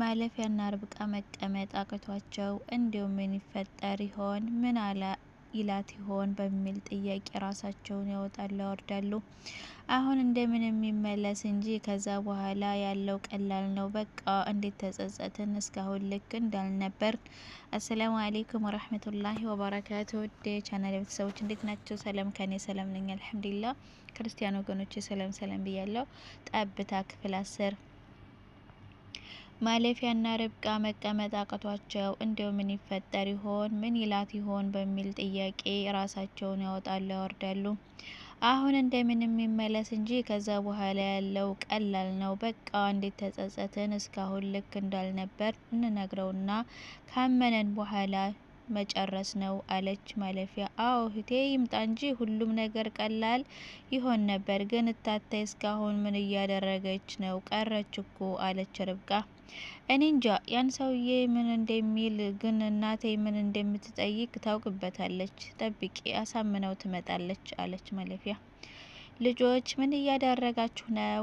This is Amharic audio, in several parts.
ማለፊያና ርብቃ መቀመጥ አቅቷቸው እንዲሁም ምን ይፈጠር ይሆን ምን አላ ይላት ይሆን በሚል ጥያቄ ራሳቸውን ያወጣሉ ያወርዳሉ። አሁን እንደምን የሚመለስ እንጂ ከዛ በኋላ ያለው ቀላል ነው። በቃ እንዴት ተጸጸትን እስካሁን ልክ እንዳልነበር። አሰላሙ አሌይኩም ወረህመቱላሂ ወበረካቱ። ውድ ቻናል ቤተሰቦች እንዴት ናቸው? ሰላም ከኔ ሰላም ነኝ አልሐምዱሊላ። ክርስቲያን ወገኖች ሰላም ሰላም ብያለው። ጠብታ ክፍል አስር ማለፊያና ርብቃ መቀመጥ አቅቷቸው እንዲሁ ምን ይፈጠር ይሆን ምን ይላት ይሆን በሚል ጥያቄ ራሳቸውን ያወጣሉ ያወርዳሉ። አሁን እንደምንም ይመለስ እንጂ ከዛ በኋላ ያለው ቀላል ነው። በቃ እንዴት ተጸጸትን እስካሁን ልክ እንዳልነበር እንነግረውና ካመነን በኋላ መጨረስ ነው አለች ማለፊያ። አዎ ህቴ ይምጣ እንጂ ሁሉም ነገር ቀላል ይሆን ነበር። ግን እታታይ እስካሁን ምን እያደረገች ነው? ቀረች እኮ አለች ርብቃ። እኔ እንጃ ያን ሰውዬ ምን እንደሚል ግን እናቴ ምን እንደምትጠይቅ ታውቅበታለች። ጠብቂ፣ አሳምነው ትመጣለች አለች መለፊያ። ልጆች ምን እያደረጋችሁ ነው?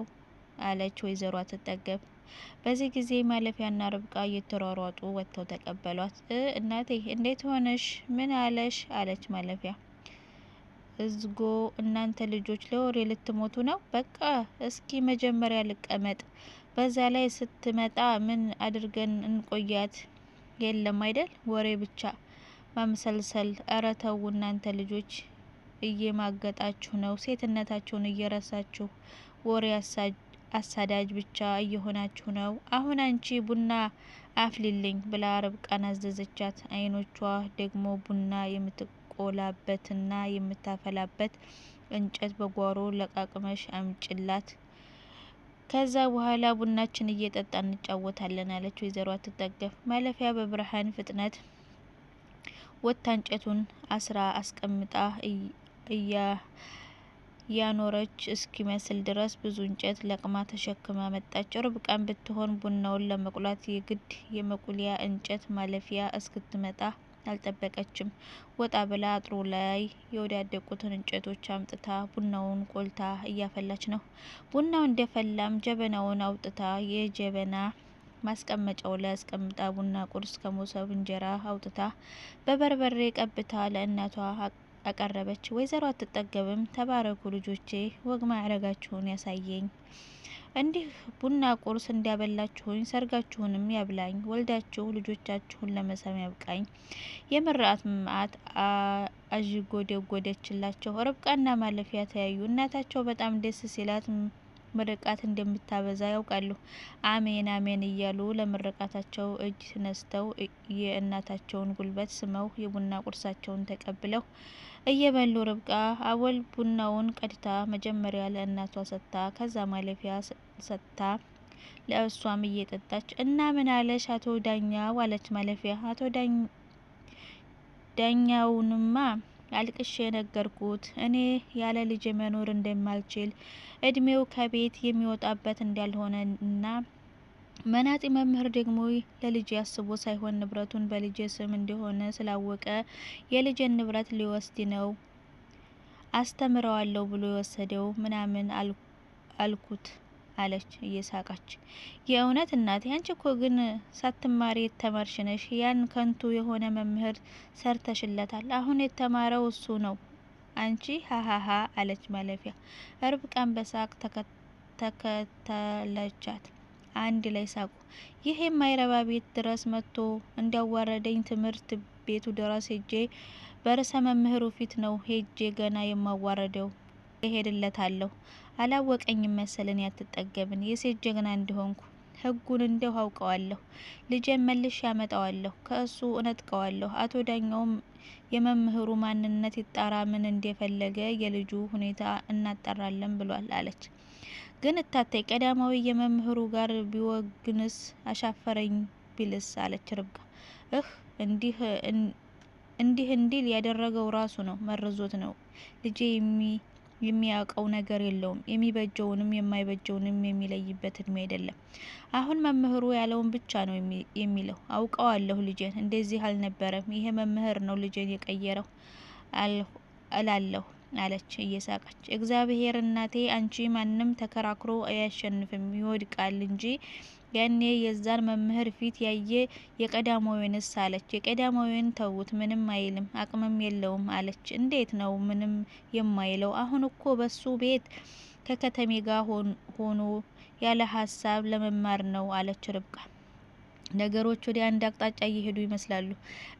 አለች ወይዘሮ አትጠገብ። በዚህ ጊዜ ማለፊያና ርብቃ እየተሯሯጡ ወጥተው ተቀበሏት። እናቴ እንዴት ሆነሽ? ምን አለሽ? አለች ማለፊያ። እዝጎ እናንተ ልጆች ለወሬ ልትሞቱ ነው? በቃ እስኪ መጀመሪያ ልቀመጥ በዛ ላይ ስትመጣ ምን አድርገን እንቆያት? የለም አይደል ወሬ ብቻ ማምሰልሰል። እረ ተው እናንተ ልጆች እየማገጣችሁ ነው፣ ሴትነታችሁን እየረሳችሁ ወሬ አሳዳጅ ብቻ እየሆናችሁ ነው። አሁን አንቺ ቡና አፍሊልኝ ብላ ርብቃን አዘዘቻት። አይኖቿ ደግሞ ቡና የምትቆላበትና የምታፈላበት እንጨት በጓሮ ለቃቅመሽ አምጭላት ከዛ በኋላ ቡናችን እየጠጣ እንጫወታለን አለች ወይዘሮ አትጠገፍ። ማለፊያ በብርሃን ፍጥነት ወታ እንጨቱን አስራ አስቀምጣ እስኪ እስኪመስል ድረስ ብዙ እንጨት ለቅማ ተሸክማ መጣች። ርብቃን ብትሆን ቡናውን ለመቁላት የግድ የመቁሊያ እንጨት ማለፊያ እስክትመጣ አልጠበቀችም። ወጣ ብላ አጥሩ ላይ የወዳደቁትን እንጨቶች አምጥታ ቡናውን ቆልታ እያፈላች ነው። ቡናው እንደፈላም ጀበናውን አውጥታ የጀበና ማስቀመጫው ላይ አስቀምጣ ቡና ቁርስ ከሞሰብ እንጀራ አውጥታ በበርበሬ ቀብታ ለእናቷ አቀረበች። ወይዘሮ አትጠገብም። ተባረኩ ልጆቼ፣ ወግ ማዕረጋችሁን ያሳየኝ እንዲህ ቡና ቁርስ እንዲያበላችሁኝ ሰርጋችሁንም ያብላኝ ወልዳችሁ ልጆቻችሁን ለመሳም ያብቃኝ። የምርዓት መዓት አዥጎደጎደችላቸው። ርብቃና ማለፊያ ተያዩ። እናታቸው በጣም ደስ ሲላት ምርቃት እንደምታበዛ ያውቃሉ። አሜን አሜን እያሉ ለምርቃታቸው እጅ ነስተው የእናታቸውን ጉልበት ስመው የቡና ቁርሳቸውን ተቀብለው እየበሉ ርብቃ አወል ቡናውን ቀድታ መጀመሪያ ለእናቷ ሰጥታ ከዛ ማለፊያ ሰጥታ ለእሷም እየጠጣች እና ምን አለሽ አቶ ዳኛው አለች ማለፊያ አቶ ዳኛውንማ አልቅሽ የነገርኩት እኔ ያለ ልጅ መኖር እንደማልችል እድሜው ከቤት የሚወጣበት እንዳልሆነ እና መናጢ መምህር ደግሞ ለልጅ ያስቦ ሳይሆን ንብረቱን በልጅ ስም እንደሆነ ስላወቀ የልጅን ንብረት ሊወስድ ነው አስተምረዋለሁ ብሎ የወሰደው ምናምን አልኩት። አለች እየሳቀች። የእውነት እናቴ አንቺ እኮ ግን ሳትማሪ የተማርሽ ነሽ። ያን ከንቱ የሆነ መምህር ሰርተሽለታል። አሁን የተማረው እሱ ነው አንቺ ሀሀሀ አለች ማለፊያ። እርብቃን በሳቅ ተከተለቻት። አንድ ላይ ሳቁ። ይህ የማይረባ ቤት ድረስ መጥቶ እንዲያዋረደኝ ትምህርት ቤቱ ድረስ ሄጄ በርዕሰ መምህሩ ፊት ነው ሄጄ ገና የማዋረደው እሄድለታለሁ አላወቀኝም መሰለን ያትጠገብን የሴት ጀግና እንደሆንኩ ህጉን እንደው አውቀዋለሁ። ልጄን መልሽ ያመጣዋለሁ፣ ከእሱ እነጥቀዋለሁ። አቶ ዳኛውም የመምህሩ ማንነት ይጣራ፣ ምን እንደፈለገ የልጁ ሁኔታ እናጣራለን ብሏል አለች። ግን እታታይ ቀዳማዊ የመምህሩ ጋር ቢወግንስ አሻፈረኝ ቢልስ አለች ርብቃ። እህ እንዲህ እንዲህ እንዲል ያደረገው ራሱ ነው፣ መርዞት ነው ልጄ የሚ የሚያውቀው ነገር የለውም። የሚበጀውንም የማይበጀውንም የሚለይበት እድሜ አይደለም። አሁን መምህሩ ያለውን ብቻ ነው የሚለው። አውቀዋለሁ ልጄን፣ እንደዚህ አልነበረም፣ ይሄ መምህር ነው ልጄን የቀየረው እላለሁ አለች እየሳቀች። እግዚአብሔር እናቴ፣ አንቺ ማንም ተከራክሮ አያሸንፍም፣ ይወድቃል እንጂ ያኔ የዛን መምህር ፊት ያየ የቀዳማዊንስ አለች። የቀዳማዊን ተዉት፣ ምንም አይልም አቅምም የለውም አለች። እንዴት ነው ምንም የማይለው? አሁን እኮ በሱ ቤት ከከተሜ ጋር ሆኖ ያለ ሀሳብ ለመማር ነው አለች ርብቃ። ነገሮች ወደ አንድ አቅጣጫ እየሄዱ ይመስላሉ።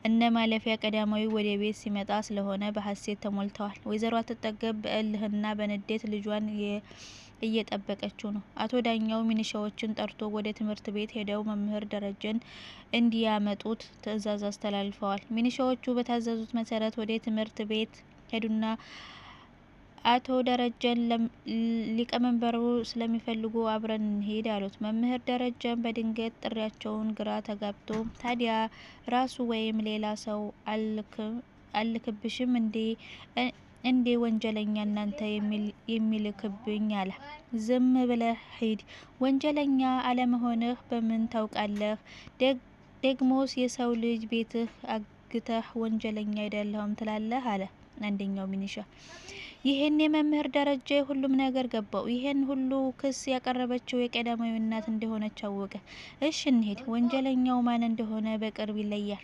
እነ ማለፊያ ቀዳማዊ ወደ ቤት ሲመጣ ስለሆነ በሀሴት ተሞልተዋል። ወይዘሮ አትጠገብ በእልህና በንዴት ልጇን እየጠበቀችው ነው። አቶ ዳኛው ሚኒሻዎችን ጠርቶ ወደ ትምህርት ቤት ሄደው መምህር ደረጀን እንዲያመጡት ትዕዛዝ አስተላልፈዋል። ሚኒሻዎቹ በታዘዙት መሰረት ወደ ትምህርት ቤት ሄዱና አቶ ደረጀን ሊቀመንበሩ ስለሚፈልጉ አብረን እንሄድ አሉት። መምህር ደረጀን በድንገት ጥሪያቸውን ግራ ተጋብቶ ታዲያ ራሱ ወይም ሌላ ሰው አልክብሽም እንዴ እንዴ ወንጀለኛ እናንተ የሚልክብኝ አለ። ዝም ብለህ ሂድ። ወንጀለኛ አለመሆንህ በምን ታውቃለህ? ደግሞስ የሰው ልጅ ቤትህ አግተህ ወንጀለኛ አይደለሁም ትላለህ አለ አንደኛው ሚኒሻ። ይህን የመምህር ደረጃ ሁሉም ነገር ገባው። ይህን ሁሉ ክስ ያቀረበችው የቀዳማዊ እናት እንደሆነች አወቀ። እሽ እንሄድ፣ ወንጀለኛው ማን እንደሆነ በቅርብ ይለያል።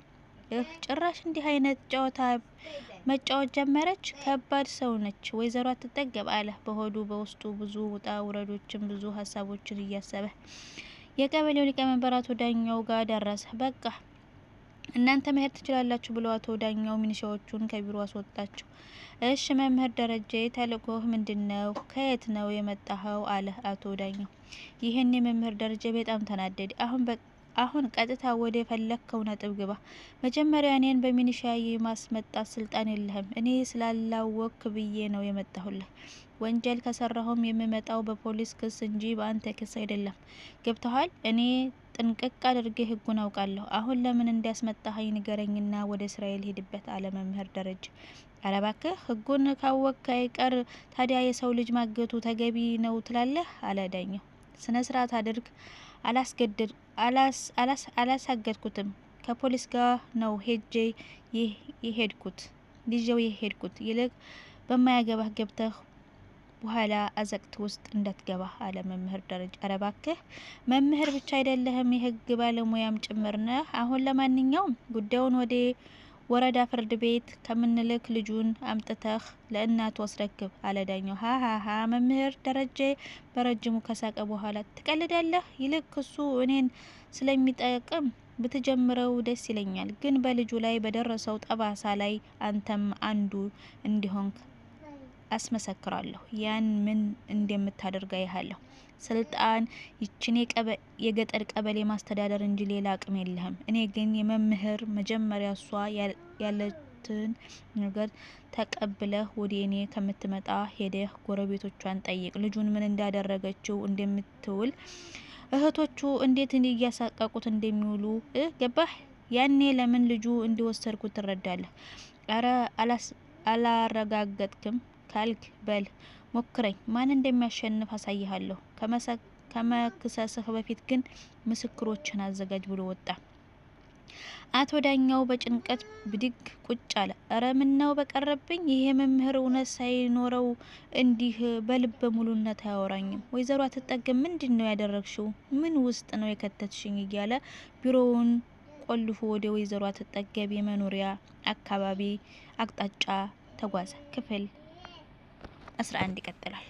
ጭራሽ እንዲህ አይነት ጨዋታ መጫወት ጀመረች። ከባድ ሰው ነች ወይዘሮ አትጠገብ አለ በሆዱ በውስጡ ብዙ ውጣ ውረዶችን ብዙ ሀሳቦችን እያሰበ የቀበሌው ሊቀመንበር አቶ ዳኛው ጋር ደረሰ። በቃ እናንተ መሄድ ትችላላችሁ ብለው አቶ ዳኛው ሚኒሻዎቹን ከቢሮ አስወጣቸው። እሽ መምህር ደረጀ ተልእኮህ ምንድን ነው? ከየት ነው የመጣኸው? አለ አቶ ዳኛው። ይህን የመምህር ደረጀ በጣም ተናደድ አሁን አሁን ቀጥታ ወደ ፈለግከው ነጥብ ግባ። መጀመሪያ እኔን በሚኒሻ የማስመጣት ስልጣን የለህም። እኔ ስላላወክ ብዬ ነው የመጣሁልህ። ወንጀል ከሰራሁም የምመጣው በፖሊስ ክስ እንጂ በአንተ ክስ አይደለም። ገብተሃል? እኔ ጥንቅቅ አድርጌ ህጉን አውቃለሁ። አሁን ለምን እንዲያስመጣኸኝ ንገረኝና ወደ እስራኤል ሄድበት አለ መምህር ደረጀ። አለባክህ ህጉን ካወቅክ አይቀር ታዲያ የሰው ልጅ ማገቱ ተገቢ ነው ትላለህ? አለ ዳኘው። ስነ ስርዓት አድርግ አላሳገድኩትም። ከፖሊስ ጋር ነው ሄጄ የሄድኩት ይዤው የሄድኩት። ይልቅ በማያገባህ ገብተህ በኋላ አዘቅት ውስጥ እንዳትገባ አለ መምህር ደረጃ። ኧረ እባክህ መምህር ብቻ አይደለህም የህግ ባለሙያም ጭምር ነህ። አሁን ለማንኛውም ጉዳዩን ወዴ ወረዳ ፍርድ ቤት ከምንልክ ልጁን አምጥተህ ለእናት አስረክብ አለ ዳኛው። ሀሀሀ መምህር ደረጀ በረጅሙ ከሳቀ በኋላ ትቀልዳለህ፣ ይልቅ እሱ እኔን ስለሚጠቅም ብትጀምረው ደስ ይለኛል፣ ግን በልጁ ላይ በደረሰው ጠባሳ ላይ አንተም አንዱ እንዲሆንክ አስመሰክራለሁ። ያን ምን እንደምታደርግ አይሃለሁ። ስልጣን ይችን የገጠር ቀበሌ ማስተዳደር እንጂ ሌላ አቅም የለህም። እኔ ግን የመምህር መጀመሪያ እሷ ያለትን ነገር ተቀብለህ ወደ እኔ ከምትመጣ ሄደህ ጎረቤቶቿን ጠይቅ፣ ልጁን ምን እንዳደረገችው እንደምትውል፣ እህቶቹ እንዴት እያሳቀቁት እንደሚውሉ ገባህ? ያኔ ለምን ልጁ እንዲወሰድኩት ትረዳለህ። አረ አላረጋገጥክም ካልክ በል ሞክረኝ፣ ማን እንደሚያሸንፍ አሳይሃለሁ። ከመክሰስህ በፊት ግን ምስክሮችን አዘጋጅ ብሎ ወጣ። አቶ ዳኛው በጭንቀት ብድግ ቁጭ አለ። እረ ምነው በቀረብኝ! ይሄ መምህር እውነት ሳይኖረው እንዲህ በልበ ሙሉነት አያወራኝም። ወይዘሮ አትጠገም ምንድን ነው ያደረግሽው? ምን ውስጥ ነው የከተትሽኝ? እያለ ቢሮውን ቆልፎ ወደ ወይዘሮ አትጠገብ የመኖሪያ አካባቢ አቅጣጫ ተጓዘ። ክፍል 11 ይቀጥላል።